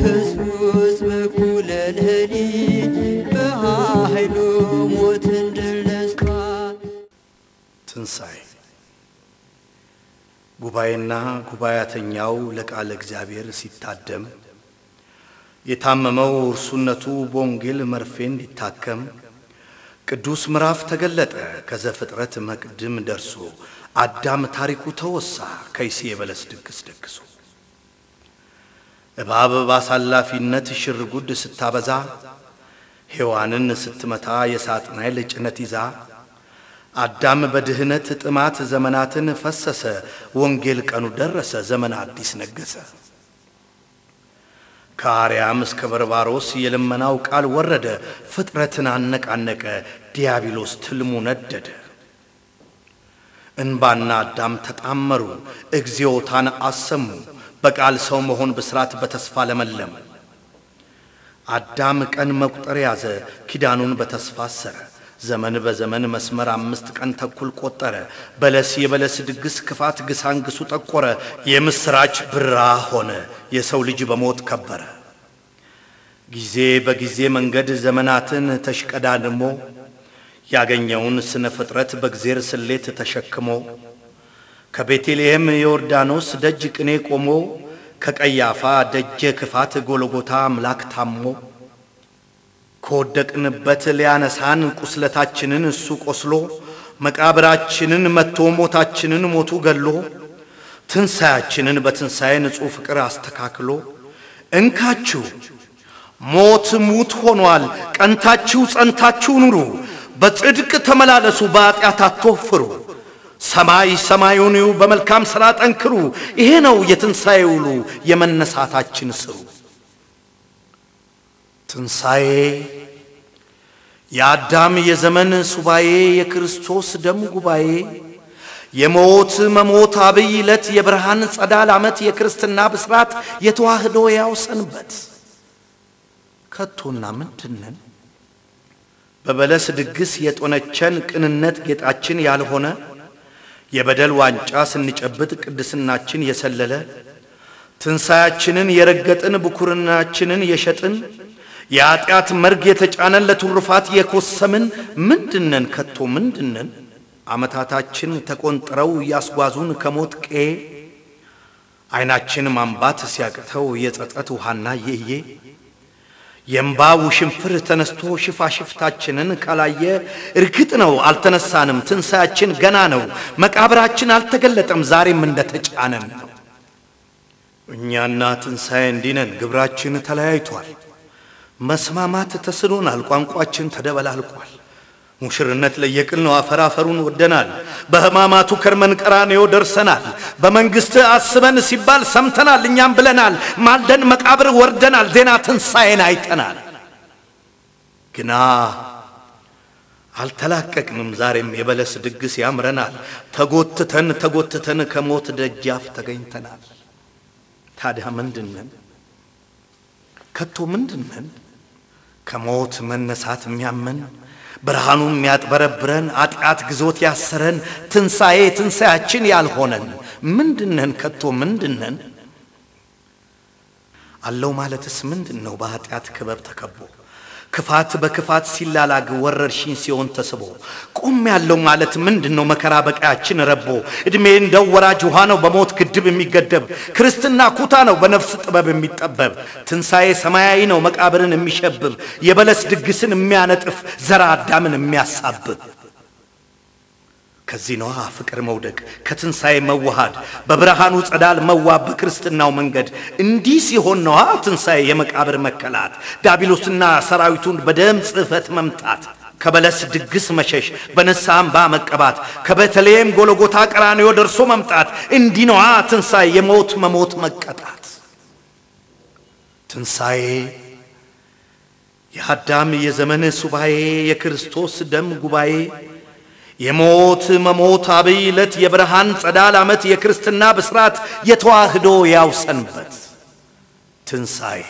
ኢየሱስ በኩለ ሌሊት በኃይሉ ሞትን ድል ነስቷል። ትንሣኤ ጉባኤና ጉባኤተኛው ለቃለ እግዚአብሔር ሲታደም የታመመው እርሱነቱ በወንጌል መርፌ እንዲታከም ቅዱስ ምዕራፍ ተገለጠ ከዘፍጥረት መቅድም ደርሶ አዳም ታሪኩ ተወሳ ከይሴ የበለስ ድግስ ደግሶ በአበባ አሳላፊነት ጉድ ስታበዛ ሔዋንን ስትመታ የሳጥን ልጭነት ጭነት ይዛ አዳም በድህነት ጥማት ዘመናትን ፈሰሰ። ወንጌል ቀኑ ደረሰ፣ ዘመን አዲስ ነገሰ። ከአርያም እስከ በርባሮስ የልመናው ቃል ወረደ። ፍጥረትን አነቃነቀ፣ ዲያብሎስ ትልሙ ነደደ። እንባና አዳም ተጣመሩ፣ እግዚኦታን አሰሙ። በቃል ሰው መሆን ብስራት በተስፋ ለመለመ። አዳም ቀን መቁጠር ያዘ፣ ኪዳኑን በተስፋ አሰረ። ዘመን በዘመን መስመር አምስት ቀን ተኩል ቆጠረ። በለስ የበለስ ድግስ ክፋት ግሳንግሱ ጠቆረ። የምስራች ብራ ሆነ፣ የሰው ልጅ በሞት ከበረ። ጊዜ በጊዜ መንገድ ዘመናትን ተሽቀዳድሞ ያገኘውን ስነ ፍጥረት በእግዜር ስሌት ተሸክሞ ከቤተልሔም ዮርዳኖስ ደጅ ቅኔ ቆሞ ከቀያፋ ደጀ ክፋት ጎልጎታ አምላክ ታሞ ከወደቅንበት ሊያነሳን ቁስለታችንን እሱ ቆስሎ መቃብራችንን መቶ ሞታችንን ሞቱ ገሎ ትንሣያችንን በትንሣኤ ንጹሕ ፍቅር አስተካክሎ እንካችሁ ሞት ሙት ሆኗል፣ ቀንታችሁ ጸንታችሁ ኑሩ፣ በጽድቅ ተመላለሱ፣ በአጢአት አትወፍሩ። ሰማይ ሰማዩን በመልካም ሥራ ጠንክሩ። ይሄ ነው የትንሣኤ ውሉ፣ የመነሳታችን ስሩ። ትንሣኤ የአዳም የዘመን ሱባዬ የክርስቶስ ደም ጉባኤ፣ የሞት መሞት አብይ ዕለት፣ የብርሃን ጸዳል ዓመት፣ የክርስትና ብስራት፣ የተዋህዶ ያው ሰንበት ከቶና ምንድነን በበለስ ድግስ የጦነቸን ቅንነት ጌጣችን ያልሆነ የበደል ዋንጫ ስንጨብጥ ቅድስናችን የሰለለ ትንሣያችንን የረገጥን ብኩርናችንን የሸጥን የኀጢአት መርግ የተጫነን ለትሩፋት የኮሰምን ምንድነን ከቶ ምንድነን? ዓመታታችን ተቆንጥረው እያስጓዙን ከሞት ቄ ዐይናችን ማንባት ሲያቅተው የጸጸት ውሃና የዬ የእምባው ሽንፍር ተነስቶ ሽፋሽፍታችንን ካላየ እርግጥ ነው አልተነሳንም፣ ትንሣያችን ገና ነው፣ መቃብራችን አልተገለጠም፣ ዛሬም እንደተጫነን ነው። እኛና ትንሣኤ እንዲነን ግብራችን ተለያይቷል። መስማማት ተስኖናል፣ ቋንቋችን ተደበላልቋል። ሙሽርነት ለየቅል ነው። አፈራፈሩን ወደናል። በህማማቱ ከርመን ቀራኔዮ ደርሰናል። በመንግስት አስበን ሲባል ሰምተናል፣ እኛም ብለናል። ማልደን መቃብር ወርደናል። ዜና ትንሣኤን አይተናል። ግና አልተላቀቅንም። ዛሬም የበለስ ድግስ ያምረናል። ተጎትተን ተጎትተን ከሞት ደጃፍ ተገኝተናል። ታዲያ ምንድነን? ከቶ ምንድነን? ከሞት መነሳት የሚያመን ብርሃኑም ያጥበረብረን፣ ኃጢአት ግዞት ያሰረን፣ ትንሣኤ ትንሣያችን ያልሆነን ምንድነን? ከቶ ምንድነን? አለው ማለትስ ምንድን ነው? በኃጢአት ክበብ ተከቦ ክፋት በክፋት ሲላላግ ወረርሽኝ ሲሆን ተስቦ ቁም ያለው ማለት ምንድን ነው? መከራ በቀያችን ረቦ እድሜ እንደ ወራጅ ውሃ ነው በሞት ግድብ የሚገደብ ክርስትና ኩታ ነው በነፍስ ጥበብ የሚጠበብ ትንሣኤ ሰማያዊ ነው መቃብርን የሚሸብብ የበለስ ድግስን የሚያነጥፍ ዘራ አዳምን የሚያሳብብ ከዚህ ነዋ ፍቅር መውደቅ፣ ከትንሣኤ መዋሃድ፣ በብርሃኑ ጸዳል መዋብ በክርስትናው መንገድ። እንዲህ ሲሆን ነዋ ትንሣኤ የመቃብር መከላት፣ ዳቢሎስና ሰራዊቱን በደም ጽህፈት መምታት፣ ከበለስ ድግስ መሸሽ፣ በንስሐ አምባ መቀባት፣ ከቤተልሔም ጎለጎታ ቀራንዮ ደርሶ መምጣት። እንዲህ ነዋ ትንሣኤ የሞት መሞት መቀጣት። ትንሣኤ የአዳም የዘመን ሱባኤ፣ የክርስቶስ ደም ጉባኤ የሞት መሞት አብይ ዕለት የብርሃን ጸዳል ዓመት የክርስትና ብስራት የተዋህዶ ያው ሰንበት ትንሣኤ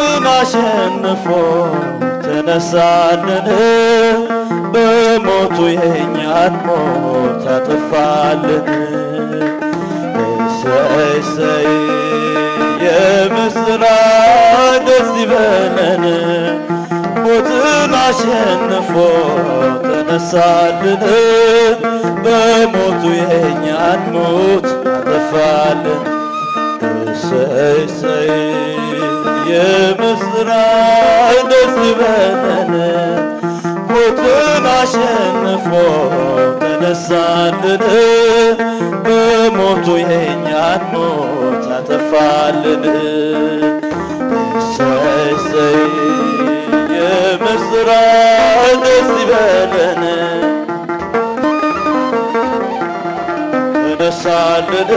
ሞትን አሸንፎ ተነሳልን በሞቱ የእኛን ሞት አጠፋልን። እሰይ እሰይ የምስራች ደስ ይበለን ሞትን አሸንፎ ተነሳልን በሞቱ የእኛን ሞት አጠፋልን። እሰይ እሰይ የምስራች ደስ በለን ሞትን አሸንፎ ተነሳልን በሞቱ የእኛን ሞት አጠፋልን እሰይ እሰይ የምስራች ደስ በለን ተነሳልን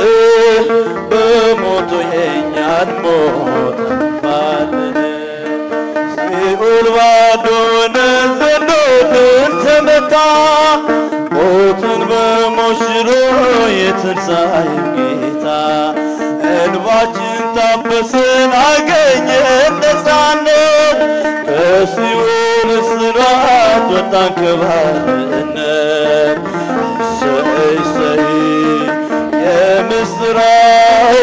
በሞቱ የእኛን ሞት በልባዶን ዘሎትን ተመታ ሞትን በሞሽሮ የትንሣኤው ጌታ እንባችን ታበስን አገኘን ነፃነት ከሲኦል እስራት ወጣን ከባርነት እሰይ እሰይ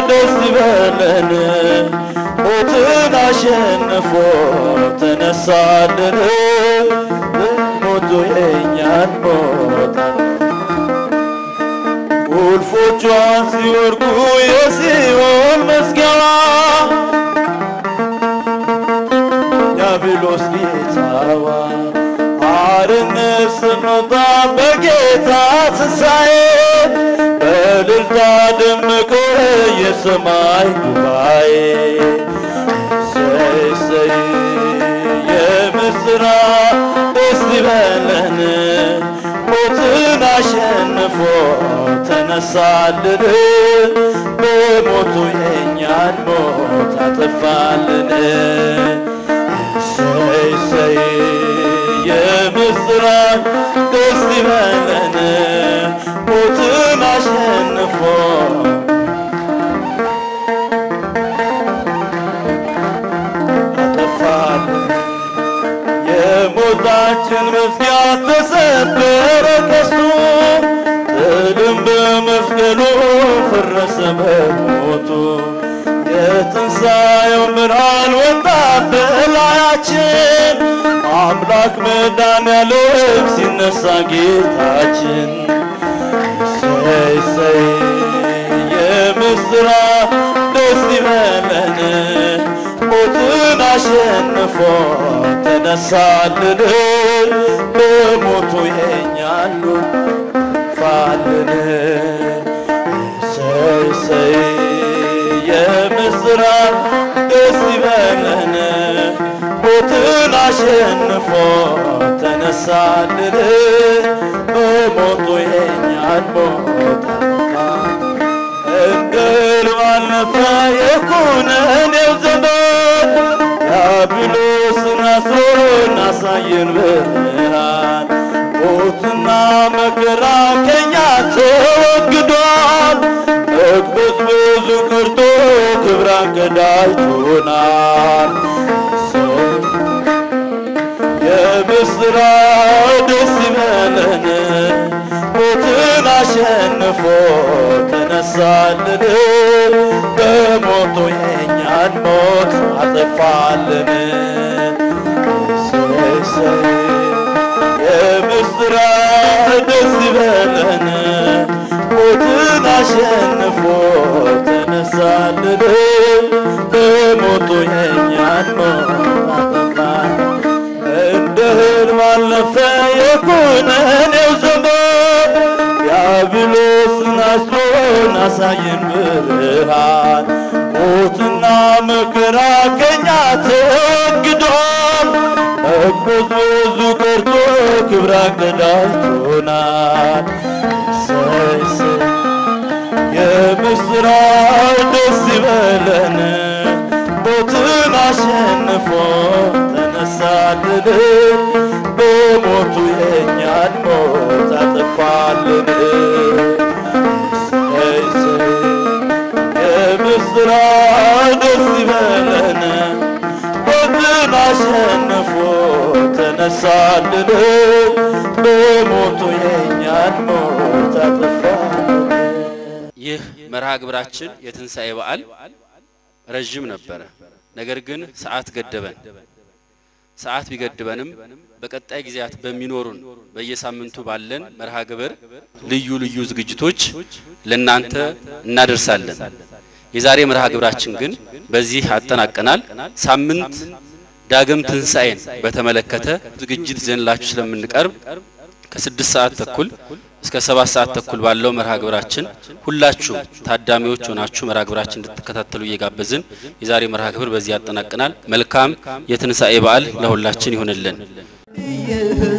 ደስ ይበለን ሞትን አሸንፎ ተነሳልን። ሞቱ የእኛን ሞት ቁልፎቿን ሲወርቁ የሲኦል መዝገባ ዲያብሎስ ጌታዋ አርነት ስንወጣ በጌታ ትንሣኤ በእልልታ ደመቀ የሰማይ ጉባኤ ስራ ደስ ይበለን። ሞትን አሸንፎ ተነሳልን፣ በሞቱ የእኛን ሞት አጠፋልን። እሰይ እሰይ የምስራች ደስ ይበለን ሞትን አሸንፎ በግንብ ተሰበረ ቀስቱ እልም በመስቀሉ ፈረሰ በሞቱ የትንሣኤው ብርሃን ወጣ በላያችን አምላክ መድኃኒዓለም ሲነሳ ጌታችን እሰይ እሰይ አሸንፎ ተነሳልን በሞቱ የኛሉ ፋልን እሰይ እሰይ የምስራች ደስ ይበለን ሞትን አሸንፎ ተነሳልን በሞቱ የኛል እንደ ልብ የኩነን ኢያሱን አሳየን ብርሃን ሞትና መከራ ከኛ ተወግዷል። መቅበዝበዙ ቀርቶ ክብራን ቀዳጅቶናል። የምስራ ደስ ይበለን ሞትን አሸንፎ ተነሳልን በሞቶ አሸንፎ ተነሳልን በሞቱ የኛን ማጠፋ እንደ ህልም አለፈ የኩነኔው ዘመን ዲያብሎስን አስሮን አሳየን ብርሃን ሞትና መከራ ከኛ ተወግዷል መቅበዝበዙ ቀርቶ ክብራ ቀዳጅቶናል አሸንፎ ተነሳልን፣ በሞቱ የእኛን ሞት አጠፋልን። የምስራች ደስ ይበለን፣ ሞትን አሸንፎ ተነሳልን፣ በሞቱ የእኛን ሞት አጠፋልን። ይህ መርሃ ግብራችን የትንሣኤ በዓል ረዥም ነበረ። ነገር ግን ሰዓት ገደበን። ሰዓት ቢገድበንም በቀጣይ ጊዜያት በሚኖሩን በየሳምንቱ ባለን መርሃ ግብር ልዩ ልዩ ዝግጅቶች ለናንተ እናደርሳለን። የዛሬ መርሃ ግብራችን ግን በዚህ አጠናቀናል። ሳምንት ዳግም ትንሣኤን በተመለከተ ዝግጅት ዘንላችሁ ስለምንቀርብ ከስድስት ሰዓት ተኩል እስከ ሰባት ሰዓት ተኩል ባለው መርሃ ግብራችን ሁላችሁ ታዳሚዎች ሆናችሁ መርሃ ግብራችን እንድትከታተሉ እየጋበዝን የዛሬ መርሃ ግብር በዚህ ያጠናቅናል። መልካም የትንሣኤ በዓል ለሁላችን ይሆንልን። ኢየሱስ